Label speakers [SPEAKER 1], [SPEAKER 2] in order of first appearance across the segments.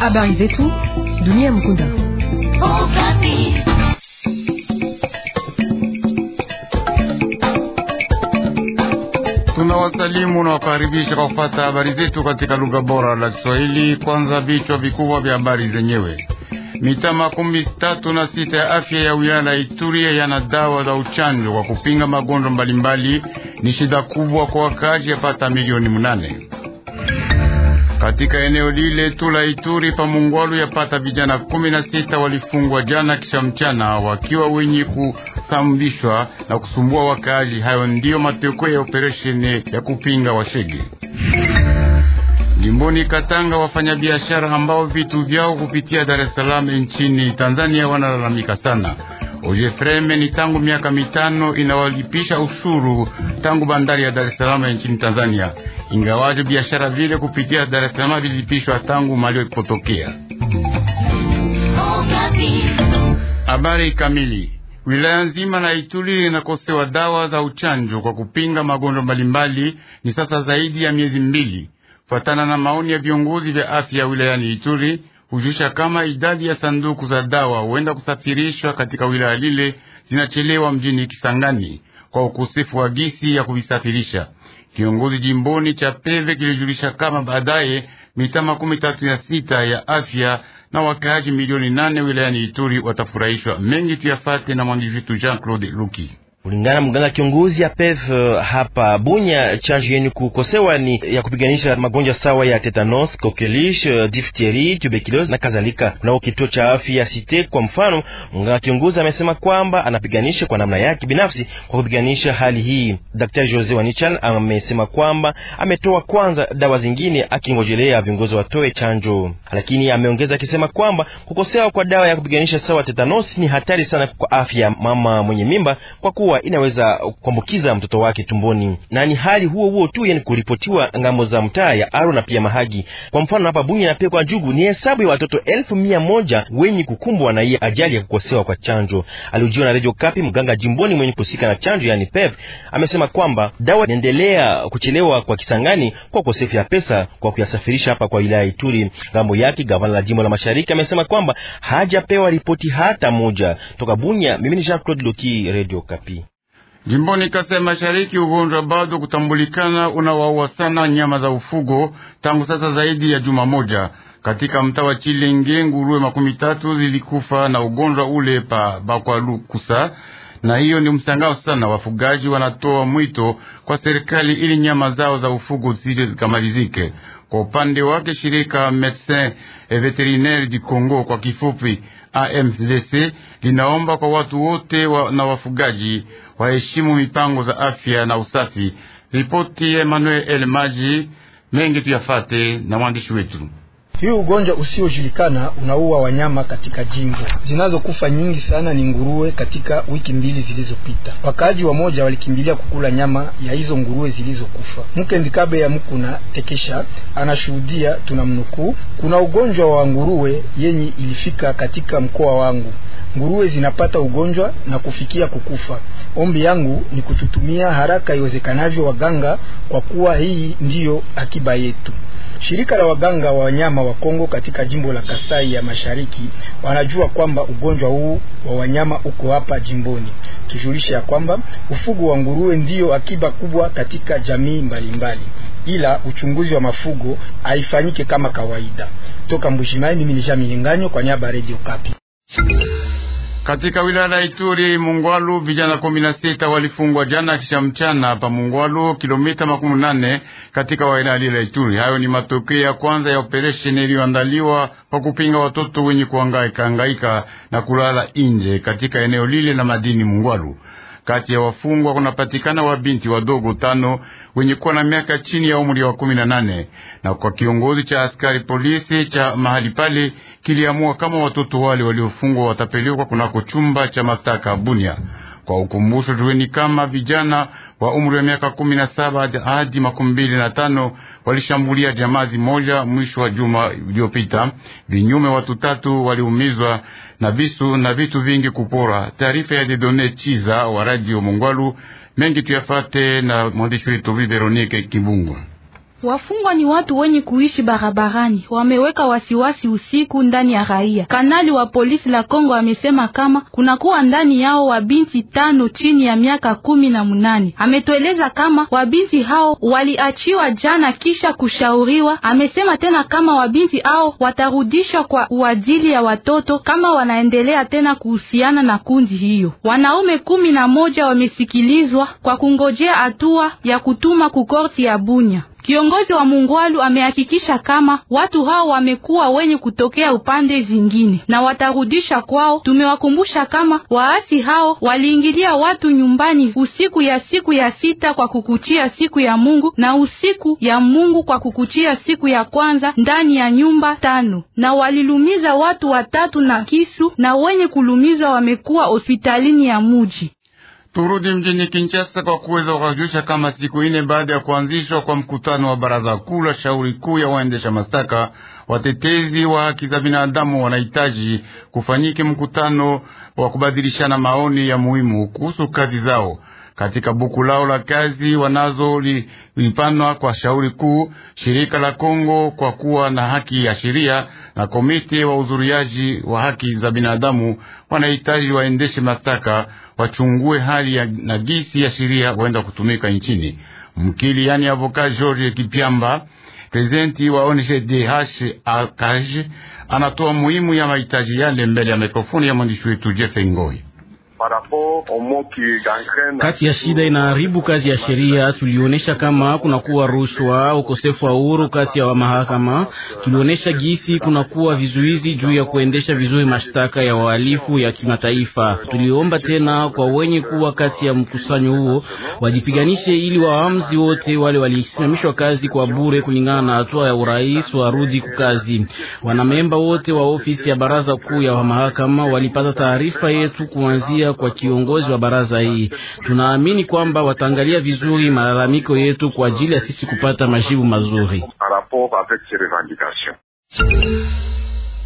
[SPEAKER 1] Habari zetu
[SPEAKER 2] dunia mkunda.
[SPEAKER 1] Okapi.
[SPEAKER 3] Tunawasalimu na wakaribisha kwa kufata habari zetu katika lugha bora la Kiswahili. Kwanza vichwa vikubwa vya habari zenyewe. Mitaa makumi tatu na sita ya afya ya wilaya la Ituria yana dawa za uchanjo kwa kupinga magonjwa mbalimbali. Ni shida kubwa kwa wakaaji yapata milioni munane. Katika eneo lile tu la Ituri pa Mungwalu, yapata vijana kumi na sita walifungwa jana kisha mchana, wakiwa wenye kusambishwa na kusumbua wakaaji. Hayo ndiyo matokeo ya operesheni ya kupinga washege jimboni Katanga. Wafanyabiashara ambao vitu vyao kupitia Dar es Salaam nchini Tanzania wanalalamika sana. Ojefreme ni tangu miaka mitano inawalipisha ushuru tangu bandari ya Dar es Salaam nchini Tanzania ingawaje biashara vile kupitia Dar es Salaam vilipishwa tangu mali ipotokea. Habari kamili wilaya nzima la Ituri linakosewa dawa za uchanjo kwa kupinga magonjwa mbalimbali ni sasa zaidi ya miezi mbili, fuatana na maoni ya viongozi vya afya wilayani Ituri hujusha kama idadi ya sanduku za dawa huenda kusafirishwa katika wilaya lile zinachelewa mjini Kisangani kwa ukosefu wa gisi ya kuvisafirisha. Kiongozi jimboni cha Peve kilijulisha kama baadaye mitaa makumi tatu na sita ya afya na wakaaji milioni nane wilayani Ituri watafurahishwa. Mengi tuyafate na mwandishi wetu Jean Claude Luki.
[SPEAKER 2] Kulingana mganga kiongozi ya PEV eh, hapa Bunya, chanjo yenye kukosewa ni ya kupiganisha magonjwa sawa ya tetanos, kokelish, eh, diphtheria, tuberculosis na kadhalika. Kunao kituo cha afya Site kwa mfano, mganga kiongozi amesema kwamba anapiganisha kwa namna yake binafsi kwa kupiganisha hali hii. Daktari Jose Wanichan amesema kwamba ametoa kwanza dawa zingine akingojelea viongozi watoe chanjo, lakini ameongeza akisema kwamba kukosewa kwa dawa ya kupiganisha sawa tetanos ni hatari sana kwa afya mama mwenye mimba kwa kuwa kuwa inaweza kuambukiza mtoto wake tumboni, na ni hali huo huo tu yani kuripotiwa ngambo za mtaa ya Aro na pia Mahagi. Kwa mfano hapa Bunya na pia kwa Jugu ni hesabu ya watoto elfu mia moja wenye kukumbwa na hii ajali ya kukosewa kwa chanjo. Aliujiwa na Radio Kapi, mganga jimboni mwenye kusika na chanjo yani PEP e amesema kwamba dawa inaendelea kuchelewa kwa Kisangani kwa ukosefu ya pesa kwa kuyasafirisha hapa kwa wilaya Ituri. Ngambo yake gavana la jimbo la Mashariki amesema kwamba hajapewa ripoti hata moja toka Bunya. Mimi ni Jean Claude Loki, Radio Kapi.
[SPEAKER 3] Jimboni ya Mashariki, ugonjwa bado kutambulikana unawaua sana nyama za ufugo tangu sasa zaidi ya juma moja. Katika mtaa wa Chilenge, nguruwe makumi tatu zilikufa na ugonjwa ule pa Bakwalukusa, na hiyo ni msangao sana. Wafugaji wanatoa mwito kwa serikali ili nyama zao za ufugo zile zikamalizike. Kwa upande wake shirika Medecins Veterinaire du Congo kwa kifupi AMVC linaomba kwa watu wote wa, na wafugaji waheshimu mipango za afya na usafi. Ripoti ya Emmanuel El Maji mengi tuyafate na mwandishi wetu
[SPEAKER 4] hii ugonjwa usiojulikana unaua wanyama katika jimbo. Zinazokufa nyingi sana ni nguruwe katika wiki mbili zilizopita. Wakaaji wa moja walikimbilia kukula nyama ya hizo nguruwe zilizokufa. mke ndikabe ya Mkuna Tekesha anashuhudia, tunamnukuu: kuna ugonjwa wa nguruwe yenye ilifika katika mkoa wangu. Nguruwe zinapata ugonjwa na kufikia kukufa. Ombi yangu ni kututumia haraka iwezekanavyo waganga, kwa kuwa hii ndiyo akiba yetu. Shirika la waganga wa wanyama wa Kongo katika jimbo la Kasai ya Mashariki wanajua kwamba ugonjwa huu wa wanyama uko hapa jimboni, kijulisha ya kwamba ufugo wa nguruwe ndiyo akiba kubwa katika jamii mbalimbali mbali. Ila uchunguzi wa mafugo haifanyike kama kawaida. Toka Mbujimayi, mimi ni Jamilinganyo kwa niaba ya Radio Kapi.
[SPEAKER 3] Katika wilaya la Ituri Mungwalu, vijana kumi na sita walifungwa jana kisha mchana pa Mungwalu, kilomita makumi nane katika wilaya la Ituri. Hayo ni matokeo ya kwanza ya operesheni iliyoandaliwa kwa kupinga watoto wenye kuhangaika hangaika na kulala inje katika eneo lile la madini Mungwalu. Kati ya wafungwa kunapatikana wabinti wadogo tano wenye kuwa na miaka chini ya umri wa kumi na nane, na kwa kiongozi cha askari polisi cha mahali pale kiliamua kama watoto wale waliofungwa watapelekwa kunako chumba cha mastaka Bunia. Kwa ukumbusho, jueni kama vijana wa umri wa miaka kumi na saba hadi makumi mbili na tano walishambulia jamazi moja mwisho wa juma uliopita. Vinyume watu tatu waliumizwa na visu na vitu vingi kupora. Taarifa ya Dedone Chiza wa Radio Mongwalu. Mengi tuyafate na mwandishi wetu Bi Veronike kibungwa
[SPEAKER 1] Wafungwa ni watu wenye kuishi barabarani, wameweka wasiwasi usiku ndani ya raia. Kanali wa polisi la Kongo amesema kama kunakuwa ndani yao wabinti tano chini ya miaka kumi na munane. Ametueleza kama wabinti hao waliachiwa jana kisha kushauriwa. Amesema tena kama wabinti hao watarudishwa kwa uajili ya watoto kama wanaendelea tena kuhusiana na kundi hiyo. Wanaume kumi na moja wamesikilizwa kwa kungojea hatua ya kutuma kukorti ya Bunya. Kiongozi wa Mungwalu amehakikisha kama watu hao wamekuwa wenye kutokea upande zingine na watarudisha kwao. Tumewakumbusha kama waasi hao waliingilia watu nyumbani usiku ya siku ya sita kwa kukuchia siku ya Mungu na usiku ya Mungu kwa kukuchia siku ya kwanza ndani ya nyumba tano, na walilumiza watu watatu na kisu, na wenye kulumiza wamekuwa hospitalini ya muji. Turudi
[SPEAKER 3] mjini Kinshasa kwa kuweza kuwajulisha kama siku ine baada ya kuanzishwa kwa mkutano wa baraza kuu la shauri kuu ya waendesha mashtaka, watetezi wa haki za binadamu wanahitaji kufanyike mkutano wa kubadilishana maoni ya muhimu kuhusu kazi zao katika buku lao la kazi wanazo lipanwa kwa shauri kuu, shirika la Kongo kwa kuwa na haki ya sheria na komite wa uzuriaji wa haki za binadamu wanahitaji waendeshe mashtaka wachungue hali ya na gisi ya sheria waenda kutumika nchini. Mkili yani avoka George Kipyamba, prezidenti wa ONG anatoa muhimu ya mahitaji
[SPEAKER 2] yale mbele ya mikrofoni ya mwandishi wetu Jeff Ngoi. Kati ya shida inaharibu kazi ya sheria, tulionyesha kama kunakuwa rushwa, ukosefu wa uhuru kati ya mahakama. Tulionyesha gisi kunakuwa vizuizi juu ya kuendesha vizuri mashtaka ya wahalifu ya kimataifa. Tuliomba tena kwa wenye kuwa kati ya mkusanyo huo wajipiganishe, ili waamzi wote wale walisimamishwa kazi kwa bure kulingana na hatua ya urais warudi kukazi. Wanamemba wote wa ofisi ya baraza kuu ya mahakama walipata taarifa yetu kuanzia kwa kiongozi wa baraza hii. Tunaamini kwamba wataangalia vizuri malalamiko yetu kwa ajili ya sisi kupata majibu mazuri.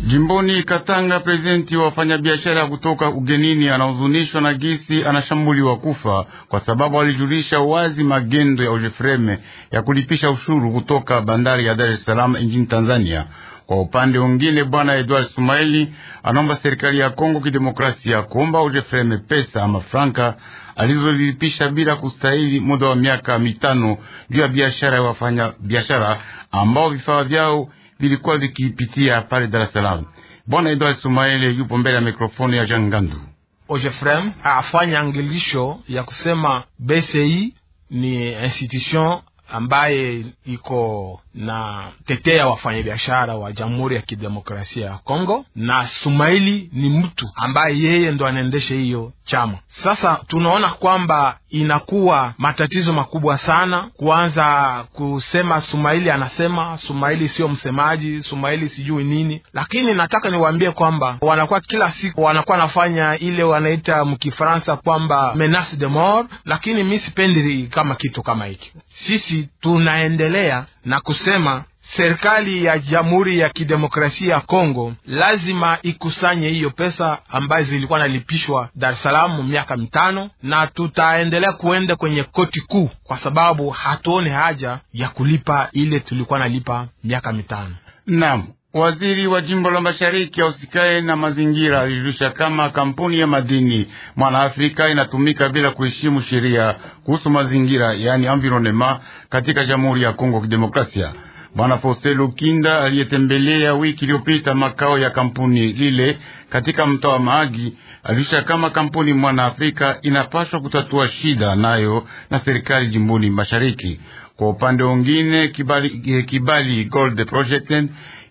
[SPEAKER 2] Jimboni Katanga,
[SPEAKER 3] prezidenti wa wafanyabiashara kutoka ugenini anahuzunishwa na gisi anashambuliwa kufa kwa sababu alijulisha wazi magendo ya ojefreme ya kulipisha ushuru kutoka bandari ya Dar es Salaam nchini Tanzania. Kwa upande mwingine, bwana Edward Sumaili anaomba serikali ya Kongo Kidemokrasia kuomba Ujefreme pesa ama franka alizolipisha bila kustahili muda wa miaka mitano juu ya biashara ya wafanya biashara ambao vifaa vyao vilikuwa vikipitia pale Dar es Salaam. Bwana Edward Sumaili yupo mbele ya mikrofoni ya Jangandu.
[SPEAKER 4] Ojefrem afanya angelisho ya kusema BCI ni institution ambaye iko na tetea wafanyabiashara wa Jamhuri ya Kidemokrasia ya Kongo, na Sumaili ni mtu ambaye yeye ndo anaendesha hiyo chama. Sasa tunaona kwamba inakuwa matatizo makubwa sana, kuanza kusema Sumaili anasema, Sumaili sio msemaji, Sumaili sijui nini, lakini nataka niwaambie kwamba wanakuwa kila siku wanakuwa nafanya ile wanaita mkifaransa kwamba menace de mort, lakini mi sipendi kama kitu kama hiki sisi sisi tunaendelea na kusema serikali ya Jamhuri ya Kidemokrasia ya Kongo lazima ikusanye hiyo pesa ambayo zilikuwa nalipishwa Dar es salamu miaka mitano, na tutaendelea kuenda kwenye koti kuu kwa sababu hatuone haja ya kulipa ile tulikuwa nalipa miaka mitano.
[SPEAKER 3] Naam. Waziri wa jimbo la mashariki ausikae na mazingira alijulisha kama kampuni ya madini Mwanaafrika inatumika bila kuheshimu sheria kuhusu mazingira, yaani environnement, katika Jamhuri ya Kongo Kidemokrasia. Bwana Fose Lukinda aliyetembelea wiki iliyopita makao ya kampuni lile katika mtaa wa maagi aliisha kama kampuni Mwana Afrika inapaswa kutatua shida nayo na serikali jimboni mashariki. Kwa upande mwingine, Kibali, eh, Kibali Gold Project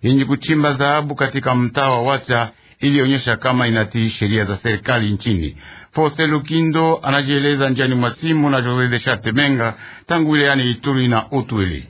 [SPEAKER 3] yenye kuchimba dhahabu katika mtaa wa Wacha ilionyesha kama inatii sheria za serikali nchini. Fose Lukindo anajieleza njiani mwa simu na Jose de Sharte Menga tangu wilayani Ituri na Utwili.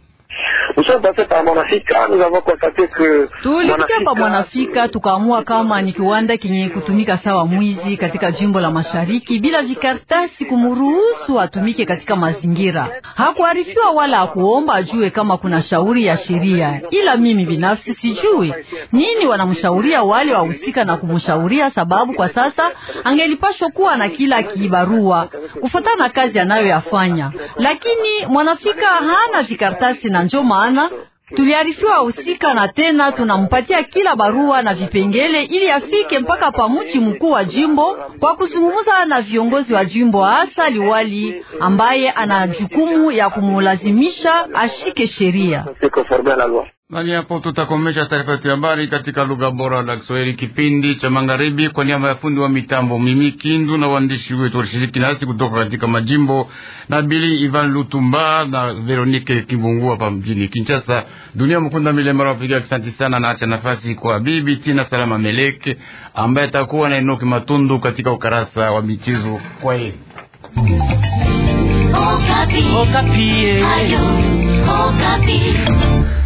[SPEAKER 1] Tushapase Mwanafika, nous avons constate que tulipita pa Mwanafika tukaamua kama ni kiwanda kenye kutumika sawa mwizi katika jimbo la mashariki bila vikartasi kumruhusu atumike katika mazingira. Hakuarifiwa wala hakuomba ajue kama kuna shauri ya sheria, ila mimi binafsi sijui nini wanamshauria wale wahusika na kumshauria, sababu kwa sasa angelipashwa kuwa na kila kibarua kufuatana na kazi anayoyafanya, lakini Mwanafika hana vikartasi na njoma maana tuliarifiwa husika na tena tunampatia kila barua na vipengele ili afike mpaka pamuchi mkuu wa jimbo kwa kuzungumza na viongozi wa jimbo, hasa liwali ambaye ana jukumu ya kumulazimisha ashike sheria.
[SPEAKER 3] Nani hapo tutakomesha taarifa yetu ya habari katika lugha bora la Kiswahili, kipindi cha magharibi. Kwa niaba ya fundi wa mitambo Mimi Kindu na waandishi wetu walishiriki nasi kutoka katika majimbo na Bili Ivan Lutumba na Veronike Kibungua hapa mjini Kinshasa. Dunia Mkunda Milemara wapiga asante sana, na acha nafasi kwa Bibi Tina Salama Meleke ambaye atakuwa na Enoki Matundu katika ukarasa wa michezo. Kwa heri
[SPEAKER 2] Okapi.
[SPEAKER 1] Okapi. Eh.